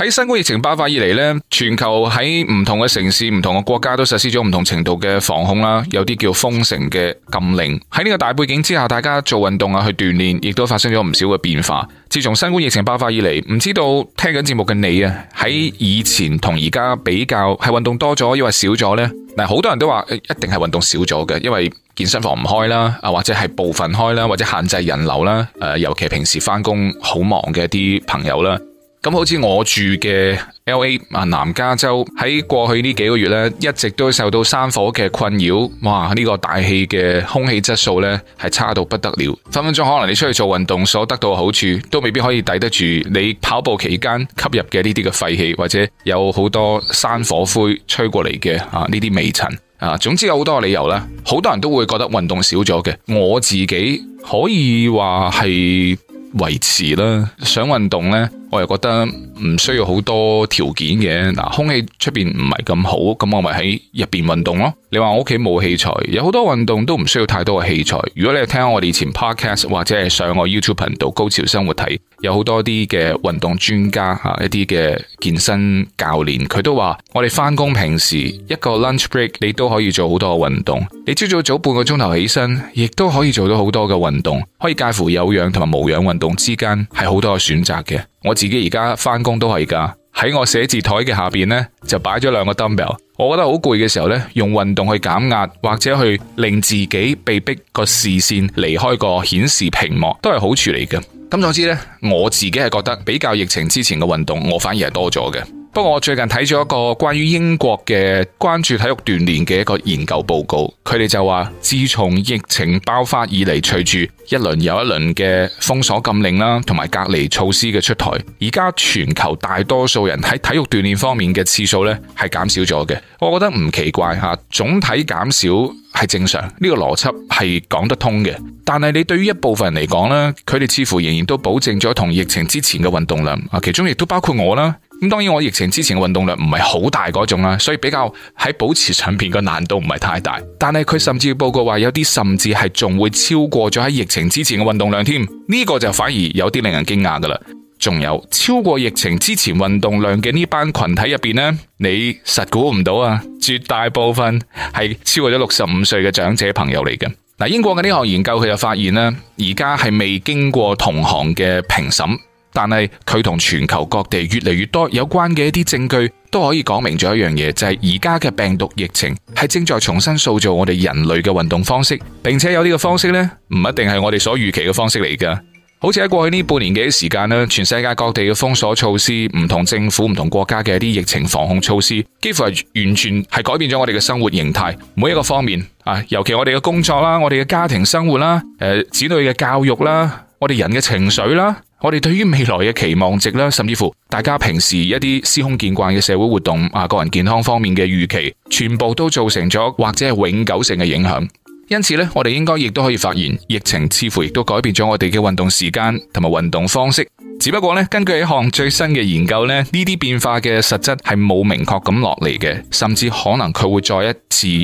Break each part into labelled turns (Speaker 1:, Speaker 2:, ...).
Speaker 1: 喺新冠疫情爆發以嚟呢，全球喺唔同嘅城市、唔同嘅國家都實施咗唔同程度嘅防控啦，有啲叫封城嘅禁令。喺呢個大背景之下，大家做運動啊、去鍛煉，亦都發生咗唔少嘅變化。自從新冠疫情爆發以嚟，唔知道聽緊節目嘅你啊，喺以前同而家比較，係運動多咗，抑或少咗呢？嗱，好多人都話一定係運動少咗嘅，因為健身房唔開啦，啊，或者係部分開啦，或者限制人流啦。誒，尤其平時翻工好忙嘅啲朋友啦。咁好似我住嘅 L.A. 啊，南加州喺過去呢幾個月咧，一直都受到山火嘅困擾，哇！呢個大氣嘅空氣質素咧係差到不得了，分分鐘可能你出去做運動所得到嘅好處，都未必可以抵得住你跑步期間吸入嘅呢啲嘅廢氣，或者有好多山火灰吹過嚟嘅啊呢啲微塵啊，總之有好多理由啦，好多人都會覺得運動少咗嘅，我自己可以話係維持啦，想運動咧。我又覺得唔需要好多條件嘅，嗱、呃，空氣出邊唔係咁好，咁我咪喺入邊運動咯。你話我屋企冇器材，有好多運動都唔需要太多嘅器材。如果你係聽我哋以前 podcast 或者係上我 YouTube 頻道《高潮生活》睇，有好多啲嘅運動專家吓一啲嘅健身教練，佢都話我哋翻工平時一個 lunch break 你都可以做好多嘅運動，你朝早早半個鐘頭起身，亦都可以做到好多嘅運動，可以介乎有氧同埋無氧運動之間，係好多嘅選擇嘅。我自己而家翻工都係噶，喺我寫字台嘅下面呢，就擺咗兩個 dumbbell。我覺得好攰嘅時候呢，用運動去減壓或者去令自己被逼個視線離開個顯示屏幕，都係好處嚟嘅。咁總之呢，我自己係覺得比較疫情之前嘅運動，我反而係多咗嘅。不過我最近睇咗一個關於英國嘅關注體育鍛煉嘅一個研究報告，佢哋就話，自從疫情爆發以嚟，隨住一輪又一輪嘅封鎖禁令啦，同埋隔離措施嘅出台，而家全球大多數人喺體育鍛煉方面嘅次數呢係減少咗嘅。我覺得唔奇怪吓，總體減少係正常，呢個邏輯係講得通嘅。但係你對於一部分人嚟講呢，佢哋似乎仍然都保證咗同疫情之前嘅運動量啊，其中亦都包括我啦。咁當然我疫情之前嘅運動量唔係好大嗰種啦，所以比較喺保持水平嘅難度唔係太大。但係佢甚至報告話有啲甚至係仲會超過咗喺疫情之前嘅運動量添，呢、這個就反而有啲令人驚訝㗎喇。仲有超過疫情之前運動量嘅呢班群體入面呢，你實估唔到啊！絕大部分係超過咗六十五歲嘅長者朋友嚟嘅。英國嘅呢項研究佢就發現呢，而家係未經過同行嘅評審。但係佢同全球各地越嚟越多有關嘅一啲證據，都可以講明咗一樣嘢，就係而家嘅病毒疫情係正在重新塑造我哋人類嘅運動方式，並且有呢個方式咧，唔一定係我哋所預期嘅方式嚟噶。好似喺過去呢半年幾時間啦，全世界各地嘅封鎖措施、唔同政府、唔同國家嘅一啲疫情防控措施，幾乎係完全係改變咗我哋嘅生活形態。每一個方面啊，尤其我哋嘅工作啦、我哋嘅家庭生活啦、誒、呃、子女嘅教育啦、我哋人嘅情緒啦。我哋對於未來嘅期望值咧，甚至乎大家平時一啲司空見慣嘅社會活動啊，個人健康方面嘅預期，全部都造成咗或者係永久性嘅影響。因此咧，我哋應該亦都可以發現，疫情似乎亦都改變咗我哋嘅運動時間同埋運動方式。只不過咧，根據一項最新嘅研究咧，呢啲變化嘅實質係冇明確咁落嚟嘅，甚至可能佢會再一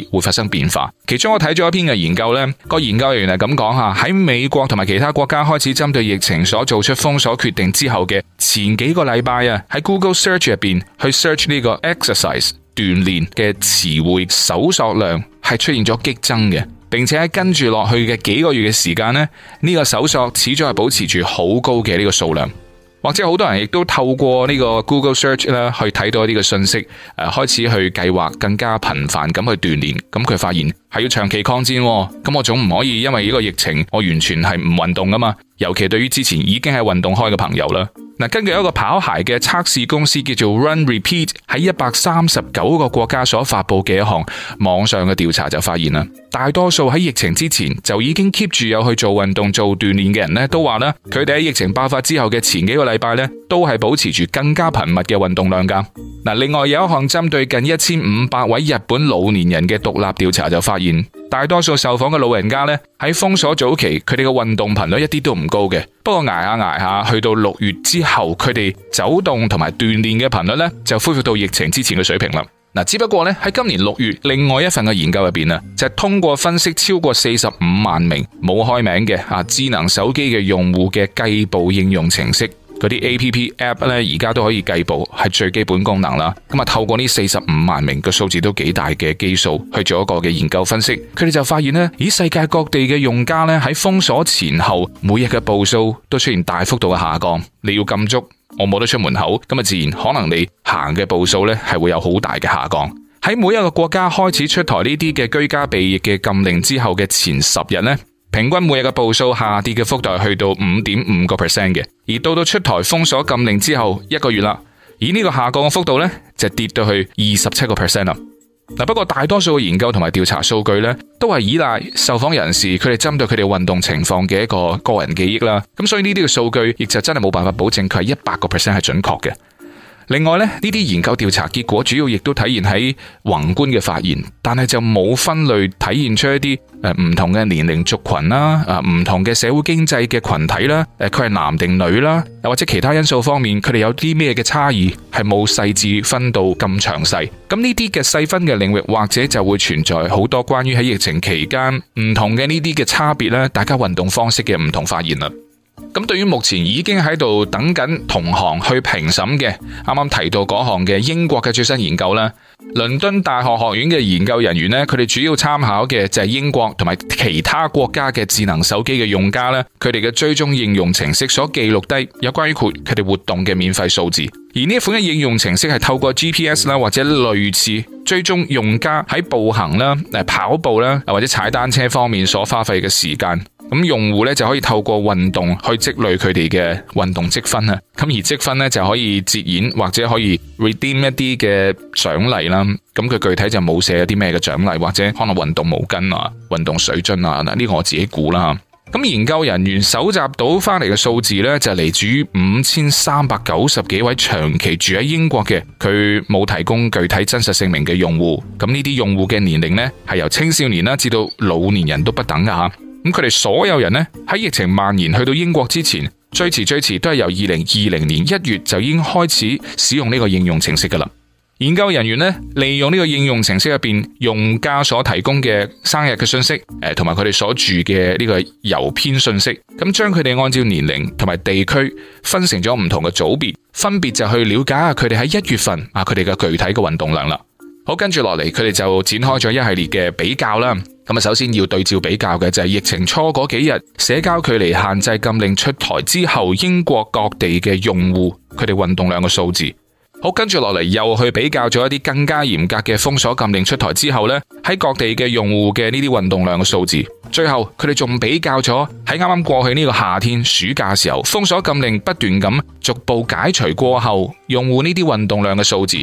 Speaker 1: 次會發生變化。其中我睇咗一篇嘅研究呢、呢個研究員係咁講吓：喺美國同埋其他國家開始針對疫情所做出封鎖決定之後嘅前幾個禮拜啊，喺 Google Search 入邊去 search 呢個 exercise 鍛煉嘅詞彙搜索量係出現咗激增嘅，並且係跟住落去嘅幾個月嘅時間咧，呢、呢個搜索始終係保持住好高嘅呢個數量。或者好多人亦都透過呢個 Google Search 啦，去睇到一啲嘅信息，誒，開始去計劃更加頻繁咁去鍛煉。咁佢發現係要長期抗戰，咁我總唔可以因為呢個疫情，我完全係唔運動㗎嘛。尤其對於之前已經係運動開嘅朋友啦。根據一個跑鞋嘅測試公司叫做 Run Repeat 喺一百三十九個國家所發佈嘅一項網上嘅調查就發現啦，大多數喺疫情之前就已經 keep 住有去做運動做鍛煉嘅人咧，都話啦，佢哋喺疫情爆發之後嘅前幾個禮拜咧，都係保持住更加頻密嘅運動量噶。嗱，另外有一項針對近一千五百位日本老年人嘅獨立調查就發現。大多數受訪嘅老人家咧，喺封鎖早期，佢哋嘅運動頻率一啲都唔高嘅。不過捱下捱下去到六月之後，佢哋走動同埋鍛煉嘅頻率呢，就恢復到疫情之前嘅水平啦。嗱，只不過呢，喺今年六月另外一份嘅研究入邊啊，就是、通過分析超過四十五萬名冇開名嘅啊智能手機嘅用戶嘅計步應用程式。嗰啲 A P P App 咧，而家都可以計步，係最基本功能啦。咁啊，透過呢四十五萬名嘅數字都幾大嘅基數去做一個嘅研究分析，佢哋就發現咧，以世界各地嘅用家咧，喺封鎖前後每日嘅步數都出現大幅度嘅下降。你要禁足，我冇得出門口，咁啊，自然可能你行嘅步數咧，係會有好大嘅下降。喺每一個國家開始出台呢啲嘅居家避疫嘅禁令之後嘅前十日咧。平均每日嘅步數下跌嘅幅度係去到五點五個 percent 嘅，而到到出台封鎖禁令之後一個月啦，而呢個下降嘅幅度咧，就跌到去二十七個 percent 啦。不過大多數嘅研究同埋調查數據咧，都係依賴受訪人士佢哋針對佢哋運動情況嘅一個個人記憶啦。咁所以呢啲嘅數據，亦就真係冇辦法保證佢係一百個 percent 係準確嘅。另外咧，呢啲研究調查結果主要亦都體現喺宏觀嘅發現，但係就冇分類體現出一啲誒唔同嘅年齡族群啦，啊唔同嘅社會經濟嘅群體啦，誒佢係男定女啦，又或者其他因素方面，佢哋有啲咩嘅差異，係冇細緻分到咁詳細。咁呢啲嘅細分嘅領域，或者就會存在好多關於喺疫情期間唔同嘅呢啲嘅差別啦，大家運動方式嘅唔同發現啦。咁對於目前已經喺度等緊同行去評審嘅，啱啱提到嗰項嘅英國嘅最新研究啦，倫敦大學學院嘅研究人員呢，佢哋主要參考嘅就係英國同埋其他國家嘅智能手機嘅用家咧，佢哋嘅追蹤應用程式所記錄低有關於佢哋活動嘅免費數字，而呢款嘅應用程式係透過 GPS 啦或者類似追蹤用家喺步行啦、跑步啦或者踩單車方面所花費嘅時間。咁用戶咧就可以透過運動去積累佢哋嘅運動積分啊。咁而積分咧就可以折現或者可以 redeem 一啲嘅獎勵啦。咁佢具體就冇寫啲咩嘅獎勵，或者可能運動毛巾啊、運動水樽啊，呢個我自己估啦。咁研究人員搜集到翻嚟嘅數字咧，就嚟自於五千三百九十幾位長期住喺英國嘅佢冇提供具體真實姓名嘅用戶。咁呢啲用戶嘅年齡咧係由青少年啦至到老年人都不等噶吓。咁佢哋所有人呢喺疫情蔓延去到英國之前，最遲最遲都係由二零二零年一月就已經開始使用呢個應用程式噶啦。研究人員呢，利用呢個應用程式入邊用家所提供嘅生日嘅信息，誒同埋佢哋所住嘅呢個郵編信息，咁將佢哋按照年齡同埋地區分成咗唔同嘅組別，分別就去了解下佢哋喺一月份啊佢哋嘅具體嘅運動量啦。好，跟住落嚟，佢哋就展開咗一系列嘅比較啦。咁啊，首先要對照比較嘅就係疫情初嗰幾日，社交距離限制禁令出台之後，英國各地嘅用戶佢哋運動量嘅數字。好，跟住落嚟又去比較咗一啲更加嚴格嘅封鎖禁令出台之後咧，喺各地嘅用戶嘅呢啲運動量嘅數字。最後，佢哋仲比較咗喺啱啱過去呢個夏天暑假時候，封鎖禁令不斷咁逐步解除過後，用戶呢啲運動量嘅數字。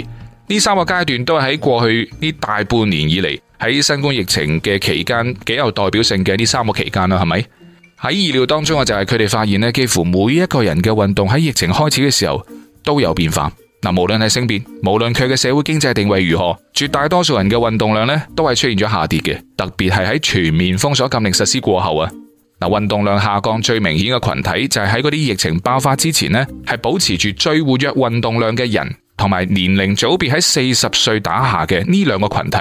Speaker 1: 呢三個階段都係喺過去呢大半年以嚟喺新冠疫情嘅期間幾有代表性嘅呢三個期間啦，係咪？喺意料當中啊，就係佢哋發現呢，幾乎每一個人嘅運動喺疫情開始嘅時候都有變化。嗱，無論係性別，無論佢嘅社會經濟定位如何，絕大多數人嘅運動量呢都係出現咗下跌嘅。特別係喺全面封鎖禁令實施過後啊，嗱，運動量下降最明顯嘅群體就係喺嗰啲疫情爆發之前呢，係保持住最活躍運動量嘅人。同埋年齡組別喺四十歲打下嘅呢兩個群體，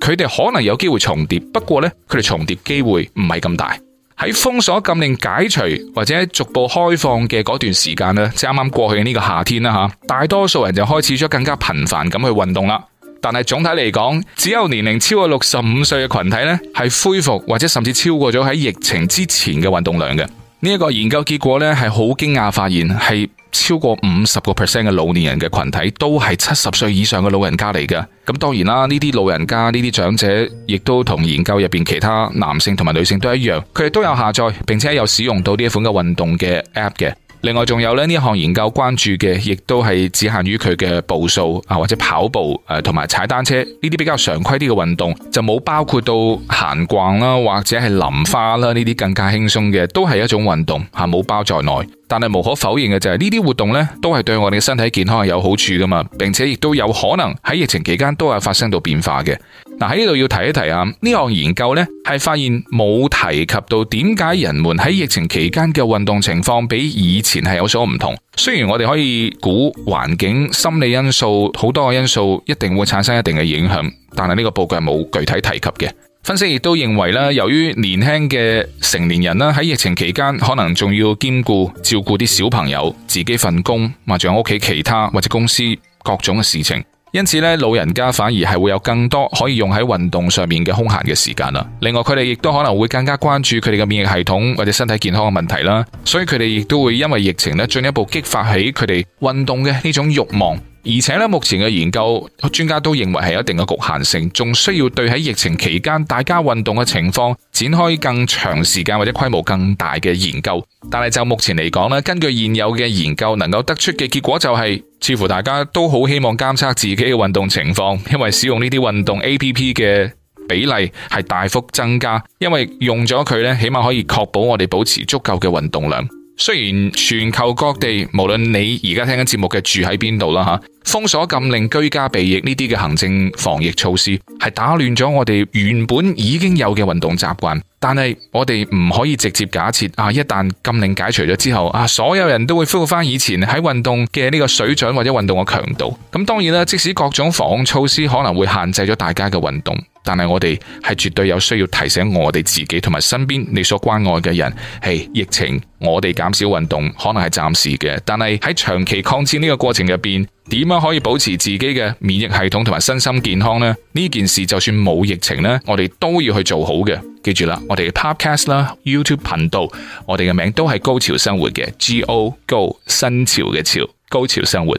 Speaker 1: 佢哋可能有機會重疊，不過呢，佢哋重疊機會唔係咁大。喺封鎖禁令解除或者逐步開放嘅嗰段時間呢，即啱啱過去嘅呢個夏天啦吓，大多數人就開始咗更加頻繁咁去運動啦。但係總體嚟講，只有年齡超過六十五歲嘅群體呢，係恢復或者甚至超過咗喺疫情之前嘅運動量嘅。呢、這、一個研究結果呢，係好驚訝發現係。超過五十個 percent 嘅老年人嘅群體都係七十歲以上嘅老人家嚟嘅。咁當然啦，呢啲老人家呢啲長者，亦都同研究入邊其他男性同埋女性都一樣，佢哋都有下載，並且有使用到呢一款嘅運動嘅 app 嘅。另外仲有咧，呢一項研究關注嘅，亦都係只限於佢嘅步數啊，或者跑步誒，同埋踩單車呢啲比較常規啲嘅運動，就冇包括到閒逛啦，或者係淋花啦呢啲更加輕鬆嘅，都係一種運動吓，冇包在內。但係無可否認嘅就係呢啲活動呢，都係對我哋嘅身體健康係有好處噶嘛，並且亦都有可能喺疫情期間都係發生到變化嘅。嗱，喺呢度要提一提啊，呢項研究呢，係發現冇提及到點解人們喺疫情期間嘅運動情況比以前係有所唔同。雖然我哋可以估環境、心理因素好多個因素一定會產生一定嘅影響，但係呢個報告係冇具體提及嘅。分析亦都認為啦，由於年輕嘅成年人啦喺疫情期間可能仲要兼顧照顧啲小朋友、自己份工或者屋企其他或者公司各種嘅事情，因此咧，老人家反而係會有更多可以用喺運動上面嘅空閒嘅時間啦。另外佢哋亦都可能會更加關注佢哋嘅免疫系統或者身體健康嘅問題啦，所以佢哋亦都會因為疫情咧進一步激發起佢哋運動嘅呢種欲望。而且咧，目前嘅研究，專家都認為係有一定嘅局限性，仲需要對喺疫情期間大家運動嘅情況，展開更長時間或者規模更大嘅研究。但係就目前嚟講咧，根據現有嘅研究，能夠得出嘅結果就係、是，似乎大家都好希望監測自己嘅運動情況，因為使用呢啲運動 A P P 嘅比例係大幅增加，因為用咗佢咧，起碼可以確保我哋保持足夠嘅運動量。雖然全球各地，無論你而家聽緊節目嘅住喺邊度啦嚇。封鎖禁令、居家避疫呢啲嘅行政防疫措施，係打亂咗我哋原本已經有嘅運動習慣。但係我哋唔可以直接假設啊，一旦禁令解除咗之後啊，所有人都會恢復返以前喺運動嘅呢個水準或者運動嘅強度。咁、嗯、當然啦，即使各種防控措施可能會限制咗大家嘅運動，但係我哋係絕對有需要提醒我哋自己同埋身邊你所關愛嘅人，誒，疫情我哋減少運動可能係暫時嘅，但係喺長期抗戰呢個過程入邊。點樣可以保持自己嘅免疫系統同埋身心健康呢？呢件事就算冇疫情呢，我哋都要去做好嘅。記住啦，我哋嘅 podcast 啦、YouTube 頻道，我哋嘅名都係高潮生活嘅 G O 高，新潮嘅潮，高潮生活。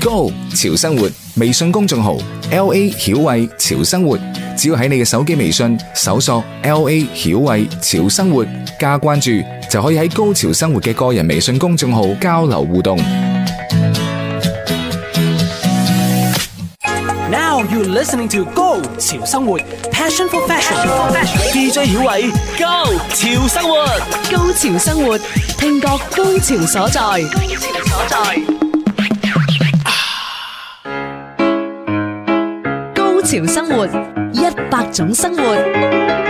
Speaker 1: Go 潮生活微信公眾號 L A 曉慧潮生活，只要喺你嘅手機微信搜索 L A 曉慧潮生活加關注。就可以喺高潮生活嘅個人微信公眾號交流互動。Now you listening to 高潮生活，Passion for Fashion for Fashion. Go, for Fashion，DJ 曉偉，高潮生活，高潮生活，聽覺高潮所在，高潮生活，探索高潮所在，高潮所在，高潮生活，一百種生活。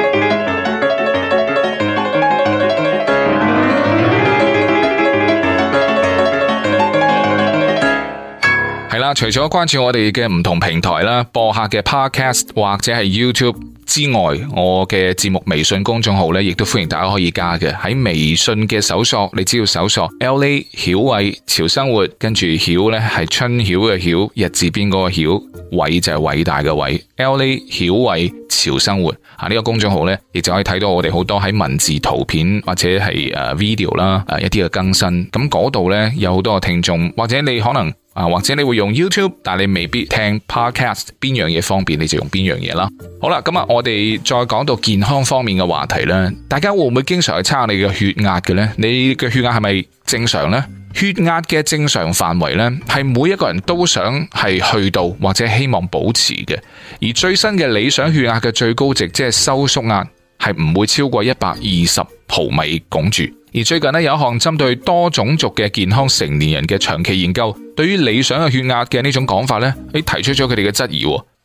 Speaker 1: 除咗關注我哋嘅唔同平台啦，播客嘅 Podcast 或者係 YouTube 之外，我嘅節目微信公眾號咧，亦都歡迎大家可以加嘅。喺微信嘅搜索，你只要搜索 L A 曉偉潮生活，跟住曉咧係春曉嘅曉，日字邊個曉，偉就係偉大嘅偉。L A 曉偉潮生活啊，呢、這個公眾號咧，亦就可以睇到我哋好多喺文字、圖片或者係誒 video 啦誒一啲嘅更新。咁嗰度咧有好多嘅聽眾，或者你可能。啊，或者你會用 YouTube，但係你未必聽 podcast，邊樣嘢方便你就用邊樣嘢啦。好啦，咁啊，我哋再講到健康方面嘅話題啦。大家會唔會經常去測下你嘅血壓嘅呢？你嘅血壓係咪正常呢？血壓嘅正常範圍呢，係每一個人都想係去到或者希望保持嘅。而最新嘅理想血壓嘅最高值，即係收縮壓，係唔會超過一百二十毫米汞柱。而最近咧有一項針對多種族嘅健康成年人嘅長期研究，對於理想嘅血壓嘅呢種講法呢，你提出咗佢哋嘅質疑。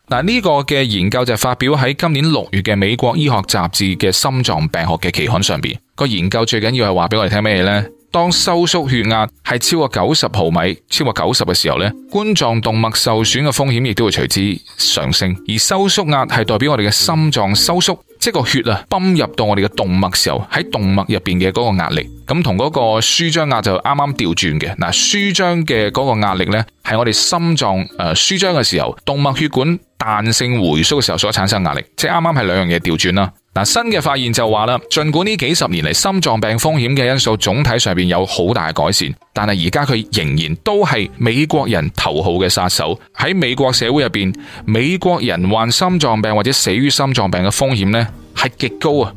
Speaker 1: 嗱，呢個嘅研究就發表喺今年六月嘅美國醫學雜誌嘅心臟病學嘅期刊上邊。個研究最緊要係話俾我哋聽咩嘢呢？當收縮血壓係超過九十毫米、超過九十嘅時候呢，冠狀動脈受損嘅風險亦都會隨之上升。而收縮壓係代表我哋嘅心臟收縮。即係個血啊，泵入到我哋嘅動脈時候，喺動脈入邊嘅嗰個壓力，咁同嗰個舒張壓就啱啱調轉嘅。嗱，舒張嘅嗰個壓力呢，係我哋心臟誒舒張嘅時候，動脈血管。彈性回縮嘅時候所產生壓力，即係啱啱係兩樣嘢調轉啦。嗱，新嘅發現就話啦，盡管呢幾十年嚟心臟病風險嘅因素總體上邊有好大改善，但係而家佢仍然都係美國人頭號嘅殺手。喺美國社會入邊，美國人患心臟病或者死於心臟病嘅風險呢係極高啊。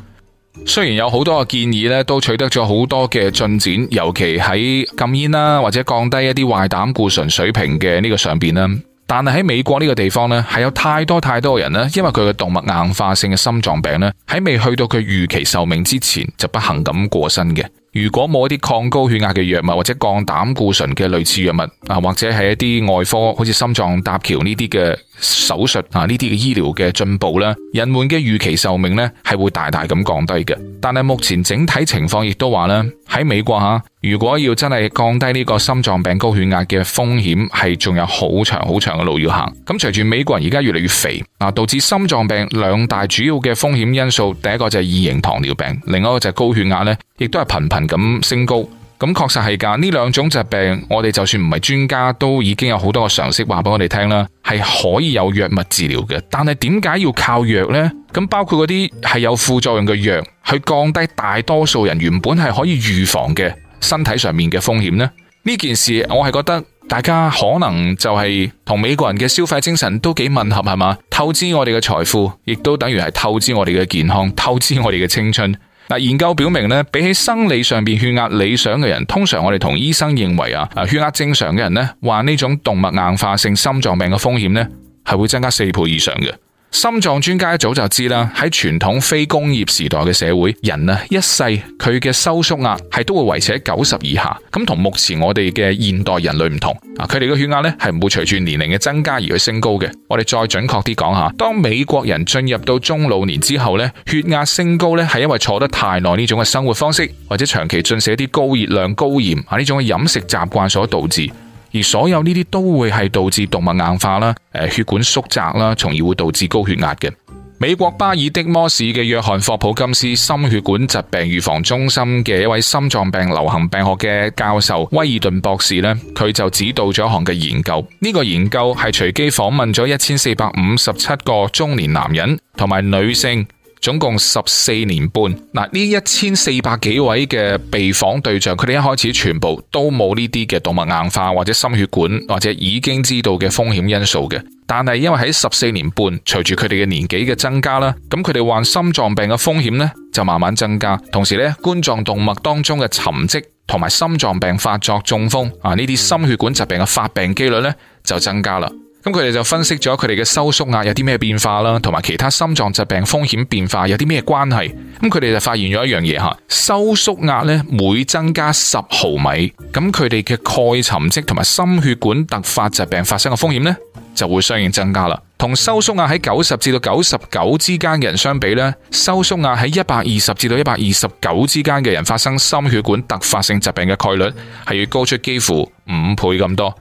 Speaker 1: 雖然有好多嘅建議咧都取得咗好多嘅進展，尤其喺禁煙啦或者降低一啲壞膽固醇水平嘅呢個上邊啦。但係喺美國呢個地方呢，係有太多太多人呢，因為佢嘅動脈硬化性嘅心臟病呢，喺未去到佢預期壽命之前，就不幸咁過身嘅。如果冇一啲抗高血壓嘅藥物或者降膽固醇嘅類似藥物啊，或者係一啲外科好似心臟搭橋呢啲嘅。手術啊，呢啲嘅醫療嘅進步咧，人們嘅預期壽命呢係會大大咁降低嘅。但係目前整體情況亦都話呢，喺美國吓，如果要真係降低呢個心臟病高血壓嘅風險，係仲有好長好長嘅路要行。咁隨住美國人而家越嚟越肥啊，導致心臟病兩大主要嘅風險因素，第一個就係二型糖尿病，另一個就係高血壓呢，亦都係頻頻咁升高。咁確實係噶，呢兩種疾病，我哋就算唔係專家，都已經有好多個常識話畀我哋聽啦，係可以有藥物治療嘅。但係點解要靠藥呢？咁包括嗰啲係有副作用嘅藥，去降低大多數人原本係可以預防嘅身體上面嘅風險呢？呢件事我係覺得大家可能就係同美國人嘅消費精神都幾吻合，係嘛？透支我哋嘅財富，亦都等於係透支我哋嘅健康，透支我哋嘅青春。研究表明，比起生理上邊血壓理想嘅人，通常我哋同醫生認為啊，血壓正常嘅人咧，患呢種動脈硬化性心臟病嘅風險咧，係會增加四倍以上嘅。心臟專家一早就知啦，喺傳統非工業時代嘅社會，人啊一世佢嘅收縮壓係都會維持喺九十以下。咁同目前我哋嘅現代人類唔同啊，佢哋嘅血壓咧係唔會隨住年齡嘅增加而去升高嘅。我哋再準確啲講下，當美國人進入到中老年之後咧，血壓升高咧係因為坐得太耐呢種嘅生活方式，或者長期進食一啲高熱量、高鹽啊呢種嘅飲食習慣所導致。而所有呢啲都會係導致動脈硬化啦，血管縮窄啦，從而會導致高血壓嘅。美國巴爾的摩市嘅約翰霍普普金斯心血管疾病預防中心嘅一位心臟病流行病學嘅教授威爾頓博士呢，佢就指導咗一項嘅研究。呢、這個研究係隨機訪問咗一千四百五十七個中年男人同埋女性。總共十四年半，嗱，呢一千四百幾位嘅被訪對象，佢哋一開始全部都冇呢啲嘅動脈硬化或者心血管或者已經知道嘅風險因素嘅，但係因為喺十四年半，隨住佢哋嘅年紀嘅增加啦，咁佢哋患心臟病嘅風險呢，就慢慢增加，同時呢，冠狀動脈當中嘅沉積同埋心臟病發作、中風啊呢啲心血管疾病嘅發病幾率呢，就增加啦。咁佢哋就分析咗佢哋嘅收縮壓有啲咩變化啦，同埋其他心臟疾病風險變化有啲咩關係？咁佢哋就發現咗一樣嘢吓，收縮壓咧每增加十毫米，咁佢哋嘅鈣沉積同埋心血管突發疾病發生嘅風險咧就會相應增加啦。同收縮壓喺九十至到九十九之間嘅人相比咧，收縮壓喺一百二十至到一百二十九之間嘅人發生心血管突發性疾病嘅概率係要高出幾乎五倍咁多。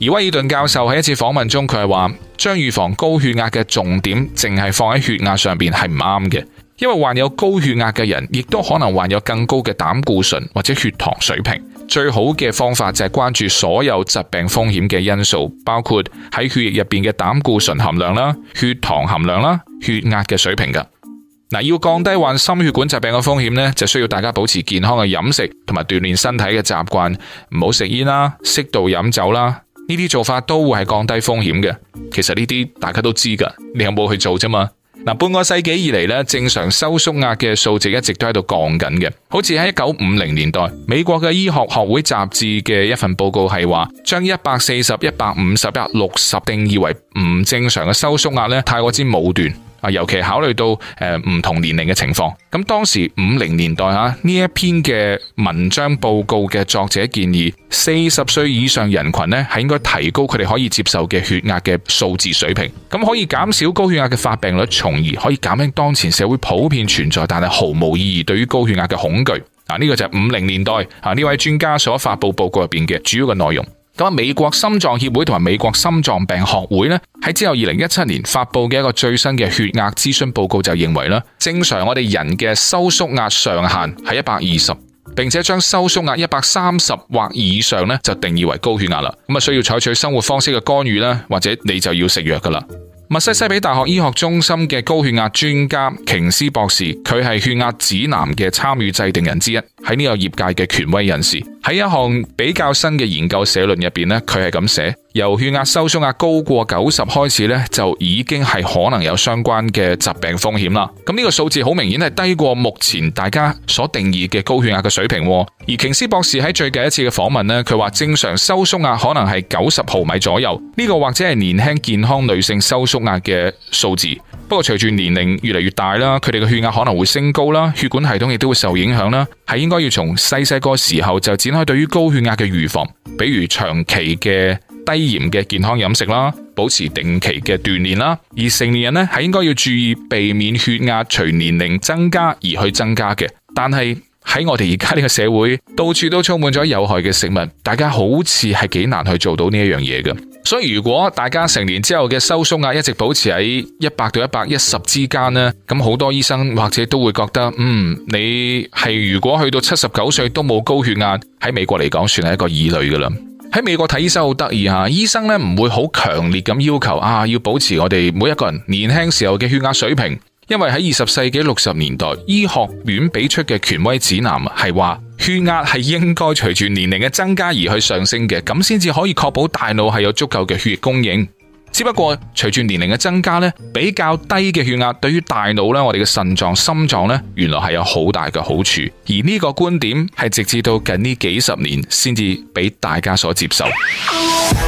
Speaker 1: 而威爾頓教授喺一次訪問中，佢係話，將預防高血壓嘅重點淨係放喺血壓上邊係唔啱嘅，因為患有高血壓嘅人，亦都可能患有更高嘅膽固醇或者血糖水平。最好嘅方法就係關注所有疾病風險嘅因素，包括喺血液入邊嘅膽固醇含量啦、血糖含量啦、血壓嘅水平噶。嗱，要降低患心血管疾病嘅風險呢，就需要大家保持健康嘅飲食同埋鍛煉身體嘅習慣，唔好食煙啦，適度飲酒啦。呢啲做法都會係降低風險嘅，其實呢啲大家都知㗎，你有冇去做啫嘛？嗱，半個世紀以嚟呢，正常收縮壓嘅數值一直都喺度降緊嘅，好似喺一九五零年代，美國嘅醫學學會雜誌嘅一份報告係話，將一百四十一百五十一百六十定義為唔正常嘅收縮壓咧，太過之武斷。啊，尤其考慮到誒唔同年齡嘅情況，咁當時五零年代吓呢一篇嘅文章報告嘅作者建議，四十歲以上人群呢係應該提高佢哋可以接受嘅血壓嘅數字水平，咁可以減少高血壓嘅發病率，從而可以減輕當前社會普遍存在但係毫無意義對於高血壓嘅恐懼。啊，呢個就係五零年代吓呢位專家所發布報告入邊嘅主要嘅內容。咁啊，美國心臟協會同埋美國心臟病學會呢，喺之後二零一七年發佈嘅一個最新嘅血壓諮詢報告就認為啦，正常我哋人嘅收縮壓上限係一百二十，並且將收縮壓一百三十或以上呢，就定義為高血壓啦。咁啊，需要採取生活方式嘅干預啦，或者你就要食藥噶啦。密西西比大學醫學中心嘅高血壓專家瓊斯博士，佢係血壓指南嘅參與制定人之一，喺呢個業界嘅權威人士。喺一項比較新嘅研究社論入邊呢，佢係咁寫：由血壓收縮壓高過九十開始呢，就已經係可能有相關嘅疾病風險啦。咁呢個數字好明顯係低過目前大家所定義嘅高血壓嘅水平。而瓊斯博士喺最近一次嘅訪問呢，佢話正常收縮壓可能係九十毫米左右，呢個或者係年輕健康女性收縮壓嘅數字。不過隨住年齡越嚟越大啦，佢哋嘅血壓可能會升高啦，血管系統亦都會受影響啦，係應該要從細細個時候就展開對於高血壓嘅預防，比如長期嘅低鹽嘅健康飲食啦，保持定期嘅鍛煉啦。而成年人呢，係應該要注意避免血壓隨年齡增加而去增加嘅。但係喺我哋而家呢個社會，到處都充滿咗有害嘅食物，大家好似係幾難去做到呢一樣嘢嘅。所以如果大家成年之後嘅收縮壓一直保持喺一百到一百一十之間呢，咁好多醫生或者都會覺得，嗯，你係如果去到七十九歲都冇高血壓，喺美國嚟講算係一個異類噶啦。喺美國睇醫生好得意吓，醫生呢唔會好強烈咁要求啊，要保持我哋每一個人年輕時候嘅血壓水平，因為喺二十世紀六十年代，醫學院俾出嘅權威指南係話。血壓係應該隨住年齡嘅增加而去上升嘅，咁先至可以確保大腦係有足夠嘅血液供應。只不過隨住年齡嘅增加呢，比較低嘅血壓對於大腦呢，我哋嘅腎臟、心臟呢，原來係有好大嘅好處。而呢個觀點係直至到近呢幾十年先至俾大家所接受。